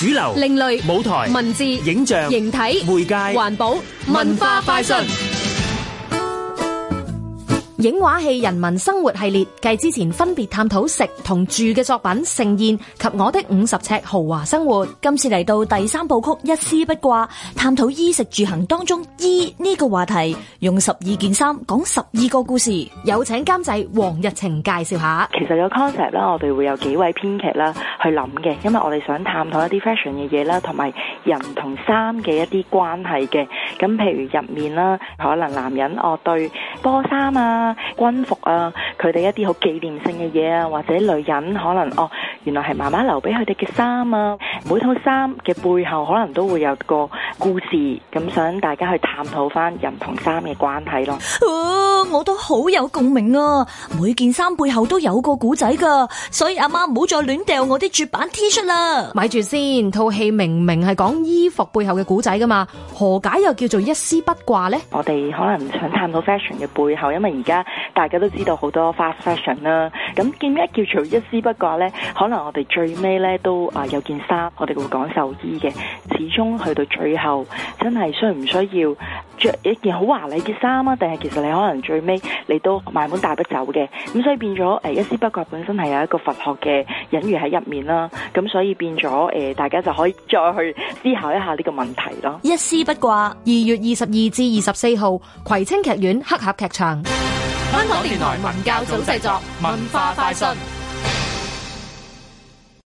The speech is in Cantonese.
主流、另類、舞台、文字、影像、形體、媒介、環保、文化、快訊。影畫戲人民生活系列，繼之前分別探討食同住嘅作品《盛宴》及《我的五十尺豪華生活》，今次嚟到第三部曲《一絲不掛》，探討衣食住行當中衣呢個話題，用十二件衫講十二個故事。有請監製黃日晴介紹下。其實有 concept 咧，我哋會有幾位編劇啦去諗嘅，因為我哋想探討一啲 fashion 嘅嘢啦，同埋。人同衫嘅一啲關係嘅，咁譬如入面啦，可能男人哦對波衫啊、軍服啊，佢哋一啲好紀念性嘅嘢啊，或者女人可能哦，原來係媽媽留俾佢哋嘅衫啊。每套衫嘅背後可能都會有個故事，咁想大家去探討翻人同衫嘅關係咯。哦，我都好有共鳴啊！每件衫背後都有個古仔噶，所以阿媽唔好再亂掉我啲絕版 T 恤啦。咪住先，套戲明明係講衣服背後嘅古仔噶嘛，何解又叫做一絲不掛呢？我哋可能想探討 fashion 嘅背後，因為而家大家都知道好多 fast fashion 啦、啊。咁見咩叫做一絲不掛呢？可能我哋最尾咧都啊有件衫，我哋會講壽衣嘅，始終去到最後，真係需唔需要着一件好華麗嘅衫啊？定係其實你可能最尾你都買本帶不走嘅，咁所以變咗誒一絲不掛本身係有一個佛學嘅隱喻喺入面啦，咁所以變咗誒大家就可以再去思考一下呢個問題咯。一絲不掛，二月二十二至二十四號，葵青劇院黑盒劇場。香港電台文教組製作，文化快訊。